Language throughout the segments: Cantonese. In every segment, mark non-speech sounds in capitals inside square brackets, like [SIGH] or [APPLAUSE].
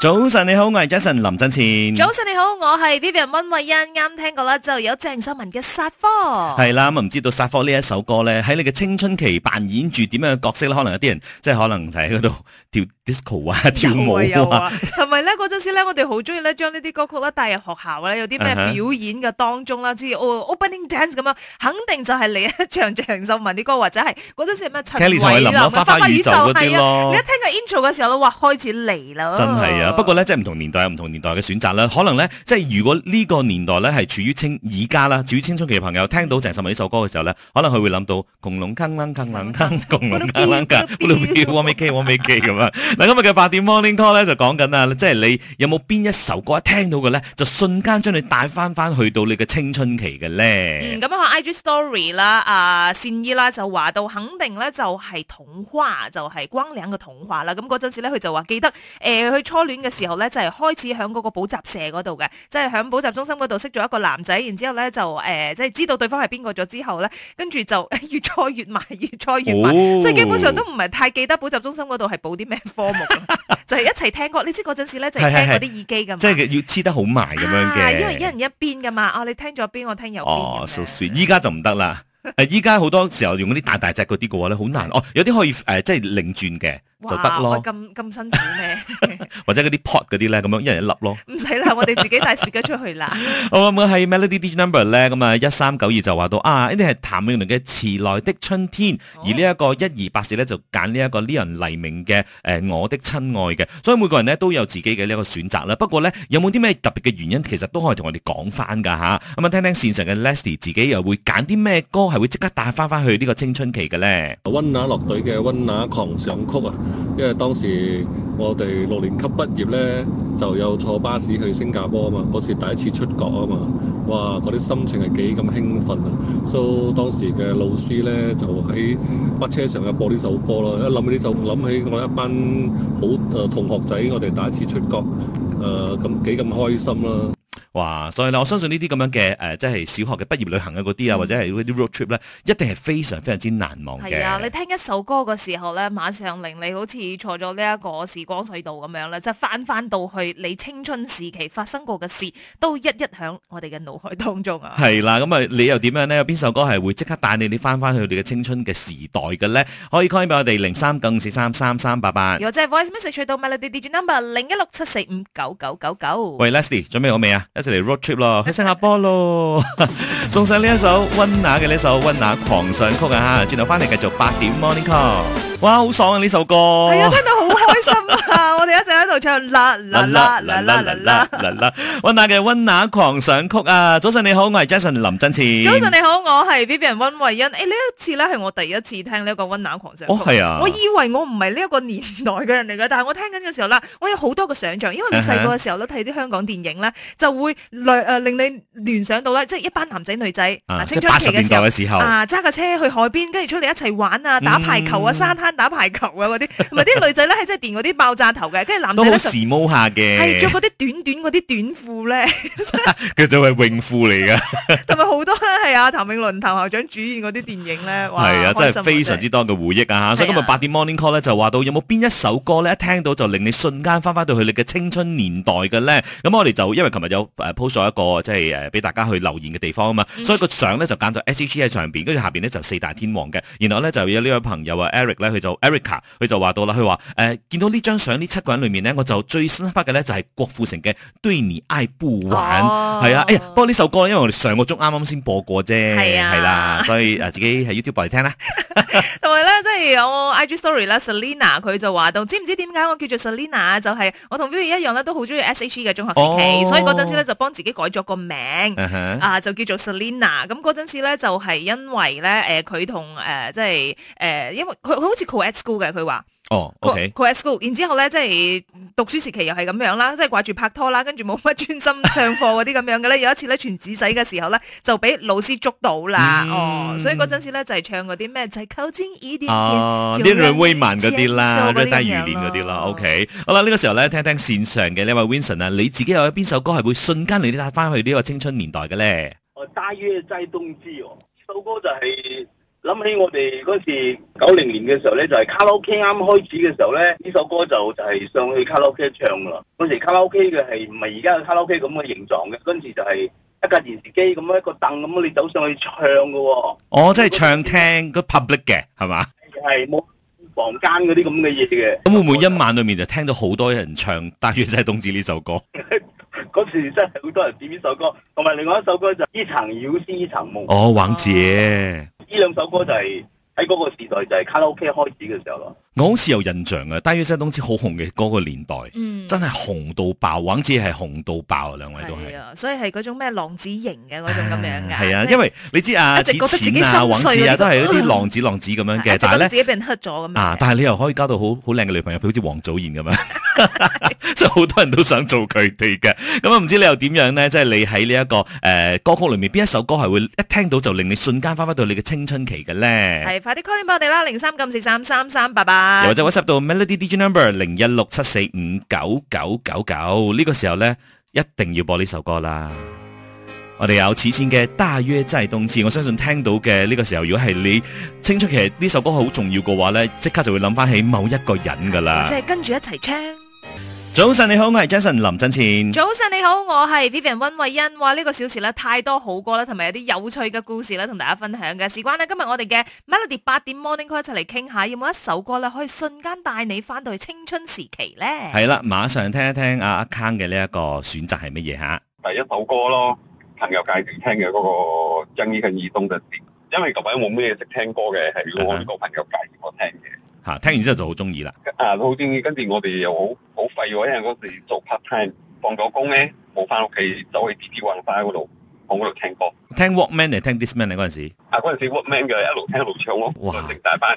早晨你好，我係 Jason 林振前。早晨你好，我係 Vivian 溫慧欣。啱聽過啦，就有鄭秀文嘅《煞科》。係啦，咁啊唔知道《煞科》呢一首歌咧，喺你嘅青春期扮演住點樣嘅角色咧？可能有啲人即係、就是、可能就喺嗰度跳。disco 啊，跳舞啊，同埋咧？嗰陣時咧，我哋好中意咧，將呢啲歌曲咧帶入學校咧，有啲咩表演嘅當中啦，即係 opening dance 咁樣，肯定就係嚟一唱鄭秀文啲歌，或者係嗰陣時咩陳慧琳啊、花花宇宙嗰啲咯、啊啊啊啊就是啊、你一聽個 intro 嘅時候咧，哇，開始嚟啦！真係啊，不過咧，即係唔同年代有唔同年代嘅選擇啦。可能咧，即係如果呢個年代咧係處於青，而家啦，處於青春期嘅朋友聽到鄭秀文呢首歌嘅時候咧，可能佢會諗到龐龍坑啷坑啷坑，龐咁啊！嗱，今日嘅八點 morning call 咧就講緊啊，即係你有冇邊一首歌一聽到嘅咧，就瞬間將你帶翻翻去到你嘅青春期嘅咧？咁、嗯、啊，IG story 啦、啊，啊善依啦就話到肯定咧，就係童話，就係、是、光良嘅童話啦。咁嗰陣時咧，佢就話記得誒，佢、呃、初戀嘅時候咧，就係、是、開始響嗰個補習社嗰度嘅，即係響補習中心嗰度識咗一個男仔，然之後咧就誒，即、呃、係、就是、知道對方係邊個咗之後咧，跟住就越黐越埋，越黐越埋，即、哦、係基本上都唔係太記得補習中心嗰度係補啲咩科。 [LAUGHS] 就係一齊聽歌，你知嗰陣時咧就係聽嗰啲耳機咁，即係要黐得好埋咁樣嘅、啊。因為一人一邊㗎嘛，啊、哦、你聽左邊我聽右邊。哦，So sweet，依、so、家就唔得啦。誒，依家好多時候用嗰啲大大隻嗰啲嘅話咧，好難哦。有啲可以誒、呃，即係擰轉嘅就得咯。咁咁辛苦咩？ [LAUGHS] [LAUGHS] 或者嗰啲 pod 嗰啲咧，咁樣一人一粒咯。唔使啦，我哋自己帶自己出去啦。好 [LAUGHS] 唔好？係、嗯、Melody Number l 咧，咁啊一三九二就話到啊，呢啲係譚詠麟嘅《遲來的春天》哦，而呢一個一二八四咧就揀呢一個 Leon 黎明嘅誒、呃《我的親愛》嘅。所以每個人咧都有自己嘅呢一個選擇啦。不過咧有冇啲咩特別嘅原因，其實都可以同我哋講翻噶吓。咁啊，聽聽線上嘅 Leslie 自己又會揀啲咩歌？係會即刻帶翻翻去呢個青春期嘅咧？溫拿樂隊嘅《溫拿狂想曲》啊，因為當時我哋六年級畢業咧，就有坐巴士去新加坡啊嘛，嗰次第一次出國啊嘛，哇，嗰啲心情係幾咁興奮啊！So，當時嘅老師咧就喺火車上有播呢首歌咯、啊，一諗起呢首，諗起我一班好誒、呃、同學仔，我哋第一次出國，誒咁幾咁開心啦、啊！哇！所以咧，我相信呢啲咁樣嘅誒，即係小學嘅畢業旅行啊，嗰啲啊，或者係嗰啲 road trip 咧，一定係非常非常之難忘嘅。係啊！你聽一首歌嘅時候咧，馬上令你好似坐咗呢一個時光隧道咁樣啦，即係翻翻到去你青春時期發生過嘅事，都一一響我哋嘅腦海當中啊！係啦，咁啊，你又點樣咧？有邊首歌係會即刻帶你哋翻翻去我哋嘅青春嘅時代嘅咧？可以 call 俾我哋零三九五三三三八八，又或者 voice message 渠道，埋落啲 digital number 零一六七四五九九九九。喂，Leslie，準備好未啊？嚟 road trip 咯，去新加坡咯，送上呢一首温拿嘅呢首温拿狂想曲啊！吓，轉頭翻嚟繼續八點 morning call，哇，好爽啊！呢首歌係啊，聽到好開心啊！我哋一直喺度唱啦啦啦啦啦啦啦啦啦，温拿嘅温拿狂想曲啊！早晨你好，我係 Jason 林振翅。早晨你好，我係 Vivian 温慧欣。誒，呢一次咧係我第一次聽呢一個温拿狂想曲，哦係啊，我以為我唔係呢一個年代嘅人嚟噶，但係我聽緊嘅時候啦，我有好多嘅想象，因為你細個嘅時候都睇啲香港電影咧就會。令誒令你聯想到咧，即、就、係、是、一班男仔女仔啊，青春期嘅時候，時候啊，揸架車去海邊，跟住出嚟一齊玩啊，打排球啊，沙、嗯、灘打排球啊嗰啲，同埋啲女仔咧係真係電嗰啲爆炸頭嘅，跟住男仔好時髦下嘅，係着嗰啲短短嗰啲短褲咧，佢 [LAUGHS] 就係泳褲嚟嘅，同埋好多係啊，譚詠麟譚校長主演嗰啲電影咧，係啊，啊，真係非常之多嘅回憶啊，啊所以今日八點 Morning Call 咧就話到有冇邊一首歌咧一聽到就令你瞬間翻翻到去你嘅青春年代嘅咧，咁我哋就因為琴日有。誒 po 咗一個即係誒俾大家去留言嘅地方啊嘛、嗯，所以個相咧就揀咗 S H E 喺上邊，跟住下邊咧就四大天王嘅，然後咧就有呢位朋友啊 Eric 咧佢就 Erica 佢就話到啦，佢話誒見到呢張相呢七個人裏面呢，我就最深刻嘅咧就係郭富城嘅對你愛不完，係、哦、啊，哎呀，不過呢首歌呢因為我哋上個鐘啱啱先播過啫，係啦、啊啊，所以誒自己喺 YouTube 嚟聽啦，同埋咧。Hey, 我 I G Story 啦，Selina 佢就話到，知唔知點解我叫做 Selina？就係我同 Vivi 一樣咧，都好中意 S H E 嘅中學時期，oh. 所以嗰陣時咧就幫自己改咗個名，uh -huh. 啊就叫做 Selina。咁嗰陣時咧就係因為咧，誒佢同誒即係誒、呃，因為佢佢好似 co-ed school 嘅，佢話。哦、oh, ok i school，然之後咧即係讀書時期又係咁樣啦，即、就、係、是、掛住拍拖啦，跟住冇乜專心上課嗰啲咁樣嘅咧。 [LAUGHS] 有一次咧傳紙仔嘅時候咧，就俾老師捉到啦、嗯。哦，所以嗰陣時咧就係唱嗰啲咩，就係扣針啲，釘、就是，戀人未滿嗰啲啦，熱帶雨林嗰啲啦。OK，好啦，呢、這個時候咧聽聽聽線上嘅，呢位 Vincent 啊，你自己有邊首歌係會瞬間令你翻去呢個青春年代嘅咧？哦，大約在冬季哦，首歌就係、是。諗起我哋嗰時九零年嘅時候咧，就係、是、卡拉 OK 啱開始嘅時候咧，呢首歌就就係上去卡拉 OK 唱噶啦。嗰時卡拉 OK 嘅係唔係而家嘅卡拉 OK 咁嘅形狀嘅，嗰陣就係一架電視機咁一個凳，咁樣你走上去唱噶、哦。哦，即係唱廳個 public 嘅係嘛？係冇房間嗰啲咁嘅嘢嘅。咁會唔會一晚裏面就聽到好多人唱？但係就係冬至呢首歌。嗰 [LAUGHS] 時真係好多人點呢首歌，同埋另外一首歌就是《一場遊戲一場夢》。哦，王傑。啊呢兩首歌就係喺嗰個時代，就係卡拉 OK 開始嘅時候咯。我好似有印象嘅，大魚西東芝好紅嘅嗰個年代，真係紅到爆，黃子係紅到爆，兩位都係。所以係嗰種咩浪子型嘅嗰種咁樣㗎。係啊，因為你知啊，一直覺得自己心碎啊，都係一啲浪子浪子咁樣嘅。但係咧，自己俾人黑咗咁樣。但係你又可以交到好好靚嘅女朋友，好似王祖賢咁樣，所以好多人都想做佢哋嘅。咁啊，唔知你又點樣呢？即係你喺呢一個誒歌曲裏面，邊一首歌係會一聽到就令你瞬間翻返到你嘅青春期嘅咧？係快啲 call 我哋啦，零三三三三，拜拜。又或者 WhatsApp 到 Melody DJ Number 零一六七四五九九九九，呢個時候咧一定要播呢首歌啦。我哋有此前嘅大約真係冬至，我相信聽到嘅呢個時候，如果係你青春期，呢首歌好重要嘅話咧，即刻就會諗翻起某一個人噶啦。即係跟住一齊唱。早晨，你好，我係 Jason 林振前。早晨，你好，我係 Vivian 溫慧欣。哇，呢個小時咧太多好歌啦，同埋有啲有趣嘅故事啦，同大家分享嘅。事關咧今日我哋嘅 Melody 八點 Morning Call 一齊嚟傾下，有冇一首歌咧可以瞬間帶你返到去青春時期咧？係啦，馬上聽一聽阿阿坑嘅呢一個選擇係乜嘢吓？第一首歌咯，朋友介紹聽嘅嗰個張一慶二東嘅，因為各位冇咩嘢識聽歌嘅，係我呢個朋友介紹我聽嘅。吓，聽完之後就好中意啦。啊，好中意，跟住我哋又好好廢喎，因為嗰時做 part time，放咗工咧冇返屋企，走去 D J 混花嗰度，響嗰度聽歌。聽 Walkman 定聽 This Man 啊？嗰陣時啊，嗰陣時 Walkman 嘅一路聽一路唱咯。哇！成大班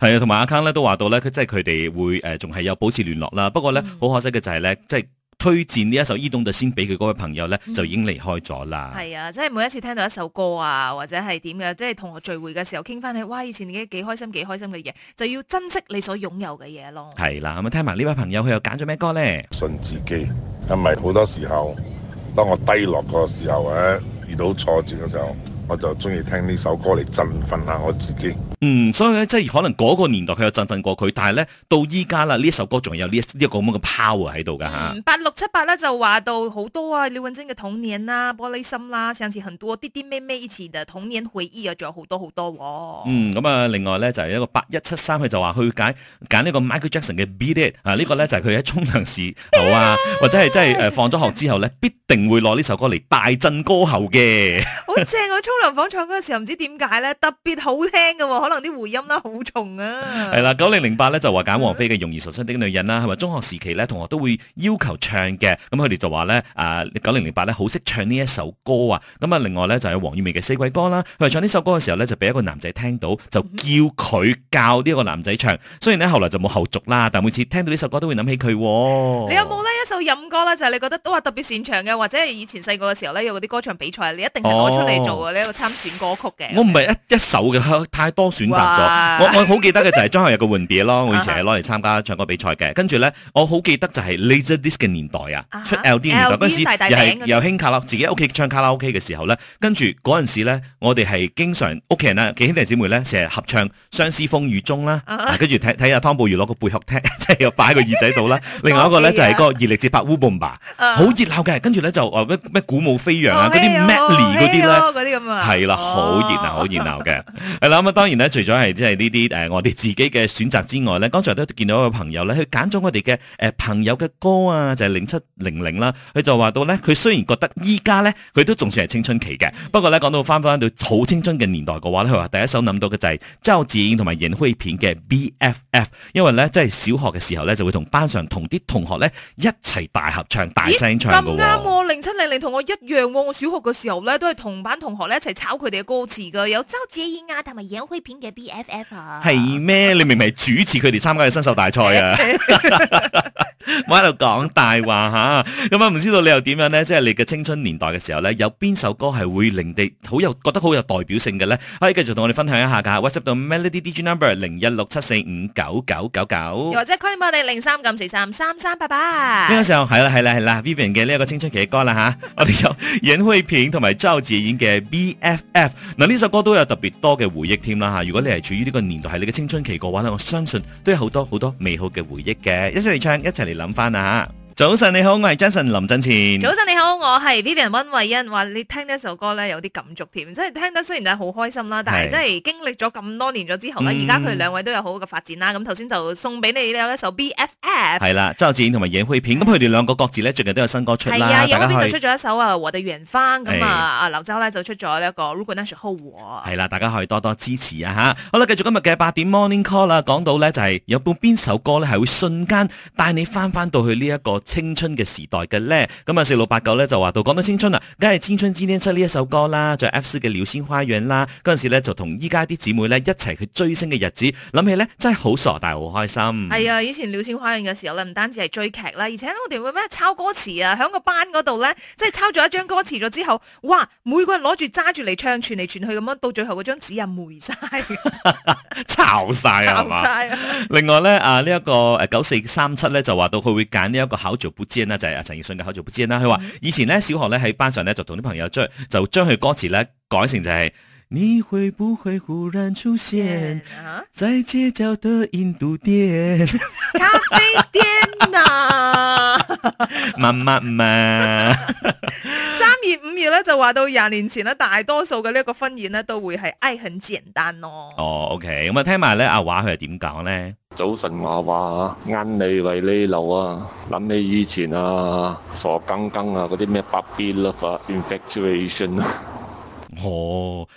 係啊，同埋阿康咧都話到咧，佢即係佢哋會誒，仲係有保持聯絡啦。不過咧，好可惜嘅就係咧，即係。推薦呢一首，伊東特先俾佢嗰位朋友咧，就已經離開咗啦。係、嗯、啊，即係每一次聽到一首歌啊，或者係點嘅，即係同學聚會嘅時候傾翻起，哇！以前你幾開心幾開心嘅嘢，就要珍惜你所擁有嘅嘢咯。係啦，咁啊，那聽埋呢位朋友，佢又揀咗咩歌咧？信自己係咪好多時候？當我低落個時候咧、啊，遇到挫折嘅時候，我就中意聽呢首歌嚟振奮下我自己。嗯，所以咧，即係可能嗰個年代佢有振奮過佢，但係咧到依家啦，呢首歌仲有呢一個咁嘅 power 喺度噶吓。八六七八咧就話到好多啊，廖文晶嘅童年啦、啊，玻璃心啦、啊，上次很多啲啲咩咩，一起嘅童年回憶啊，仲有好多好多、啊。嗯，咁、嗯、啊、嗯，另外咧就係、是、一個八一七三，佢就話去揀揀呢個 Michael Jackson 嘅 Beat It 啊，這個、呢個咧就係佢喺沖涼時好啊， [LAUGHS] 或者係即係誒放咗學之後咧必定會攞呢首歌嚟大振歌喉嘅。好正 [LAUGHS] 啊，沖涼房唱歌嘅時候唔知點解咧特別好聽嘅、啊。可能啲回音啦，好重啊！係 [LAUGHS] 啦，九零零八咧就話揀王菲嘅《容易受傷的女人》啦，係咪？中學時期咧，同學都會要求唱嘅，咁佢哋就話咧，誒、呃，九零零八咧好識唱呢一首歌啊！咁啊，另外咧就有王菀薇嘅《四季歌》啦，佢係唱呢首歌嘅時候咧，就俾一個男仔聽到，就叫佢教呢個男仔唱。雖然咧後來就冇後續啦，但每次聽到呢首歌都會諗起佢、哦。你有冇呢一首飲歌咧？就係你覺得都話特別擅長嘅，或者係以前細個嘅時候咧有嗰啲歌唱比賽，你一定係攞出嚟做呢一個參選歌曲嘅？Okay? 我唔係一一首嘅，太多。選擇咗，我我好記得嘅就係張學友嘅吻別咯，我以前係攞嚟參加唱歌比賽嘅。跟住咧，我好記得就係 Laser Disc 嘅年代啊，出 LD 嗰陣時又，又係又興卡拉，自己屋企唱卡拉 OK 嘅時候咧。跟住嗰陣時咧，我哋係經常屋企人啊，幾兄弟姊妹咧，成日合唱相思風雨中啦。Uh -huh. 啊、跟住睇睇下湯寶如攞個貝殼聽，即 [LAUGHS] 係又擺個耳仔度啦。 [LAUGHS] 另外一個咧 [LAUGHS] 就係個熱力節拍 Umbamba 好熱鬧嘅。跟住咧就哦咩咩鼓舞飛揚啊，嗰啲 Melly 嗰啲咧，係啦，好、hey oh, oh. 熱鬧的，好熱鬧嘅。係啦，咁啊當然咧。除咗係即係呢啲我哋自己嘅選擇之外呢，剛才都見到一個朋友呢，佢揀咗我哋嘅、呃、朋友嘅歌啊，就係零七零零啦。佢就話到呢，佢雖然覺得依家呢，佢都仲算係青春期嘅、嗯，不過呢，講到翻返到好青春嘅年代嘅話呢，佢話第一首諗到嘅就係周志燕同埋影灰片嘅 BFF，因為呢，即、就、係、是、小學嘅時候呢，就會同班上同啲同學呢一齊大合唱、大聲唱。咁啱喎，零七零零同我一樣喎、啊，我小學嘅時候呢，都係同班同學呢一齊抄佢哋嘅歌詞嘅，有周子燕啊同埋影灰片。嘅 BFF 啊，係咩？你明唔明主持，佢哋參加嘅新秀大賽啊！ [LAUGHS] [LAUGHS] 我喺度講大話吓，咁啊唔知道你又點樣咧？即係你嘅青春年代嘅時候咧，有邊首歌係會令你好有覺得好有代表性嘅咧？可以繼續同我哋分享一下噶，whatsapp 到 melody DJ number 零一六七四五九九九九，或者 call 我哋零三九四三三三八八。呢個時候？係啦係啦係啦，Vivian 嘅呢一個青春期嘅歌啦吓，我哋有尹佩片同埋周子演嘅 BFF。嗱呢首歌都有特別多嘅回憶添啦吓。如果你係處於呢個年代，係你嘅青春期嘅話咧，我相信都有好多好多美好嘅回憶嘅。一齊嚟唱，一齊嚟。諗翻啊！早晨你好，我係 Jason 林振前。早晨你好，我係 Vivian 温慧欣。話你聽呢一首歌咧，有啲感觸添，即係聽得雖然係好開心啦，但係即係經歷咗咁多年咗之後呢，而家佢兩位都有好好嘅發展啦。咁頭先就送俾你有一首 BFF。係啦，周志倫同埋影佩片，咁佢哋兩個各自咧最近都有新歌出啦。係啊，楊佩片就出咗一首啊，我的遠方。咁啊，阿劉洲咧就出咗呢一個 Rooftop House。係啦，大家可以多多支持啊吓。好啦，繼續今日嘅八點 Morning Call 啦，講到呢，就係、是、有邊首歌咧係會瞬間帶你翻翻到去呢一個。青春嘅時代嘅咧，咁啊四六八九咧就話到講到青春啊，梗係《青春之年》出呢一首歌啦，F4 嘅《流星花園》啦，嗰陣時咧就同依家啲姊妹咧一齊去追星嘅日子，諗起咧真係好傻大，大好開心。係、哎、啊，以前《流星花園》嘅時候咧，唔單止係追劇啦，而且我哋會咩抄歌詞啊，喺個班嗰度咧，即係抄咗一張歌詞咗之後，哇！每個人攞住揸住嚟唱，傳嚟傳去咁樣，到最後嗰張紙啊，霉晒，抄晒係另外咧啊，呢、這、一個誒九四三七咧就話到佢會揀呢一個考。好久不見呢就係阿陳奕迅嘅好久不見啦，佢話以前咧小學咧喺班上咧就同啲朋友將就將佢歌詞咧改成就係、是。你會不會忽然出現？在街角的印度店， [LAUGHS] 咖啡店啊？乜乜嘛。三 [LAUGHS] 月五月咧，就話到廿年前咧，大多數嘅呢一個婚宴咧，都會係唉很簡單咯、哦。哦、oh,，OK，咁啊，聽埋咧阿華佢係點講咧？早晨，阿華，啱你為你老啊，諗起以前啊，傻更更啊嗰啲咩，puppy love 啊 infatuation 哦。 [LAUGHS]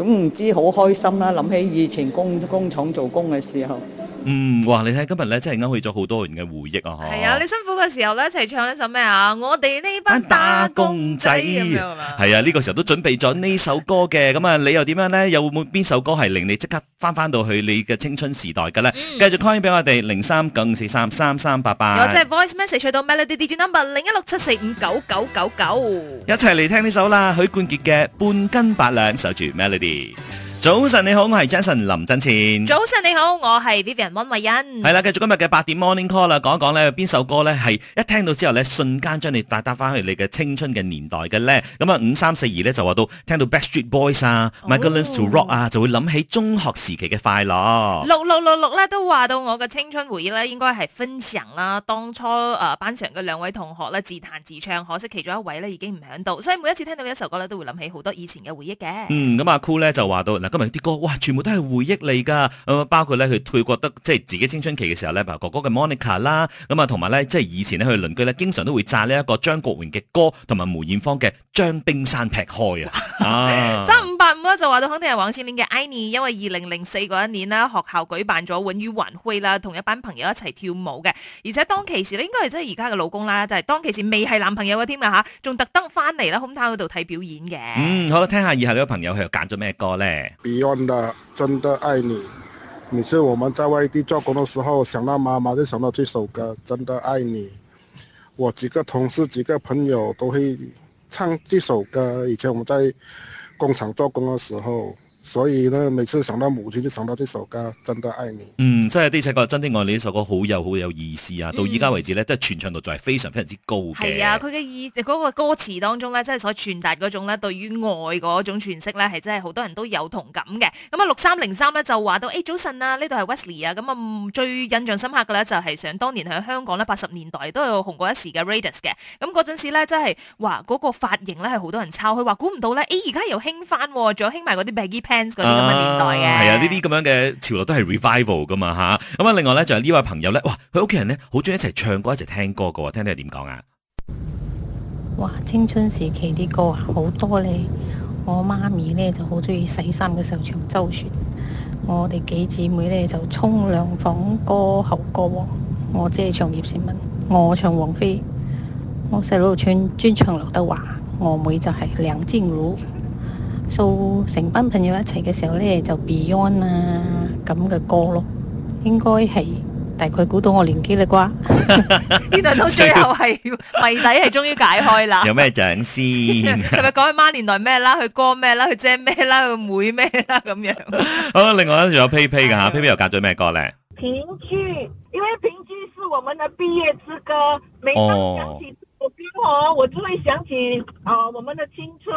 咁唔知好開心啦！諗起以前工工廠做工嘅時候。嗯，哇！你睇今日咧，真係勾起咗好多人嘅回憶啊！係啊，你辛苦嘅時候咧，一齊唱一首咩啊？我哋呢班打工仔咁樣係嘛？係啊，呢個時候都準備咗呢首歌嘅。咁啊，你又點樣咧？有冇邊首歌係令你即刻翻翻到去你嘅青春時代嘅咧？繼續 call 翻俾我哋零三九四三三三八八。我即係 voice message 去到 melody DJ number 零一六七四五九九九九。一齊嚟聽呢首啦，許冠傑嘅《半斤八兩》守住 melody。早晨你好，我係 Jason 林振前。早晨你好，我係 Vivian 溫慧欣。係啦，繼續今日嘅八點 Morning Call 啦，講一講咧邊首歌咧係一聽到之後咧瞬間將你帶翻去你嘅青春嘅年代嘅咧。咁啊五三四二咧就話到聽到 Backstreet Boys 啊、哦、Michael Learns to Rock 啊，就會諗起中學時期嘅快樂。六六六六咧都話到我嘅青春回憶咧，應該係分享啦。當初誒班上嘅兩位同學咧自彈自唱，可惜其中一位咧已經唔喺度，所以每一次聽到呢一首歌咧，都會諗起好多以前嘅回憶嘅。嗯，咁阿 Cool 咧就話到今日啲歌哇，全部都係回憶嚟噶，咁、呃、啊包括咧佢退覺得即係自己青春期嘅時候咧，譬哥哥嘅 Monica 啦、啊，咁啊同埋咧即係以前咧佢鄰居咧，經常都會炸呢一個張國榮嘅歌，同埋梅艷芳嘅將冰山劈開啊！三五八五咧就話到肯定係黃子玲嘅 I n e 因為二零零四嗰一年咧學校舉辦咗雲與雲會啦，同一班朋友一齊跳舞嘅，而且當其時咧應該係即係而家嘅老公啦，就係、是、當其時未係男朋友嘅添啊嚇，仲特登翻嚟啦紅毯嗰度睇表演嘅。嗯，好，聽下以下呢個朋友佢又揀咗咩歌咧？Beyond 的《真的愛你》，每次我們在外地做工的時候，想到媽媽就想到這首歌《真的愛你》。我幾個同事、幾個朋友都會唱這首歌。以前我們在工廠做工的時候。所以呢，每次想到母親就想到呢首歌《真的愛你》嗯就是你。嗯，真係啲唱《真的愛你》呢首歌好有好有意思啊！到依家為止咧，都係傳唱度係非常非常之高嘅。係、嗯、啊，佢嘅意嗰個歌詞當中咧，即、就、係、是、所傳達嗰種咧，對於愛嗰種詮釋咧，係真係好多人都有同感嘅。咁啊，六三零三咧就話到誒，早晨啊，呢度係 Wesley 啊，咁、嗯、啊最印象深刻嘅咧就係想當年喺香港咧八十年代都有紅過一時嘅 Raiders 嘅。咁嗰陣時咧，真係話嗰個髮型咧係好多人抄，佢話估唔到咧，誒而家又興翻、啊，仲有興埋嗰啲嗰啲咁嘅年代嘅，係啊，呢啲咁樣嘅潮流都係 revival 噶嘛吓。咁啊，另外咧就呢有位朋友咧，哇，佢屋企人咧好中意一齊唱歌一齊聽歌噶喎，聽聽係點講啊？哇，青春時期啲歌啊，好多咧。我媽咪咧就好中意洗衫嘅時候唱周璇，我哋幾姊妹咧就沖涼房歌喉歌王，哦。我姐唱葉倩文，我唱王菲，我細佬唱專唱劉德華，我妹就係梁靜茹。數、so, 成班朋友一齊嘅時候咧，就 Beyond 啊咁嘅歌咯，應該係大概估到我年紀啦啩。呢 [LAUGHS] [LAUGHS] 來到最後係謎底係終於解開啦。有咩獎先？係咪講佢媽年代咩啦？佢哥咩啦？佢姐咩啦？佢妹咩啦？咁樣。 [LAUGHS] 好，另外仲有 P P 嘅吓 p P 又揀咗咩歌咧？《萍聚》，因為《萍聚》是我們嘅畢業之歌，哦、每當想起我邊個，我就會想起啊，uh, 我們的青春。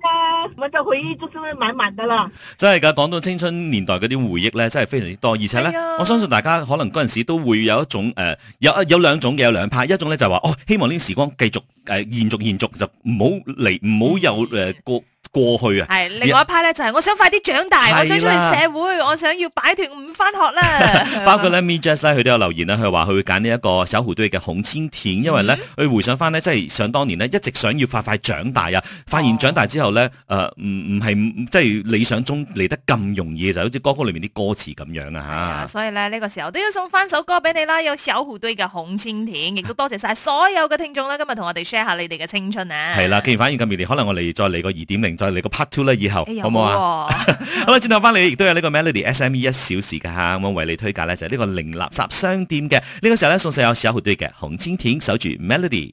啊、嗯，我就去咗出去買物噶啦，真係噶！講到青春年代嗰啲回憶咧，真係非常之多，而且咧、哎，我相信大家可能嗰陣時候都會有一種誒、呃，有啊有兩種嘅，有兩派，一種咧就話哦，希望呢啲時光繼續誒、呃、延續延續，就唔好嚟唔好有誒、呃過去啊，係另外一派咧，就係我想快啲長大，我想出去社會，我想要擺脫唔翻學啦。 [LAUGHS] 包括咧，Me Just 咧，佢都有留言咧，佢話佢會揀呢一個小虎隊嘅《紅蜻蜓》，嗯，因為咧，佢回想翻咧，即、就、係、是、想當年咧，一直想要快快長大啊，發現長大之後咧，誒、哦，唔唔係即係理想中嚟，得咁容易，就好似歌曲裏面啲歌詞咁樣啊，吓。所以咧，呢個時候都要送翻首歌俾你啦，有小虎隊嘅《紅蜻蜓》，亦都多謝晒所有嘅聽眾啦， [LAUGHS] 今日同我哋 share 下你哋嘅青春啊。係啦，既然反應咁熱烈，可能我哋再嚟個二點零。嚟個 part two 啦，以後、哎、好唔好啊？好啦、哦 [LAUGHS] 好吧，轉頭翻嚟，亦都有呢個 Melody SME 一小時㗎嚇。咁為你推介咧，就係、是、呢個零垃圾商店嘅呢、呢個時候咧，送上有小虎隊嘅《紅蜻蜓》守住 Melody。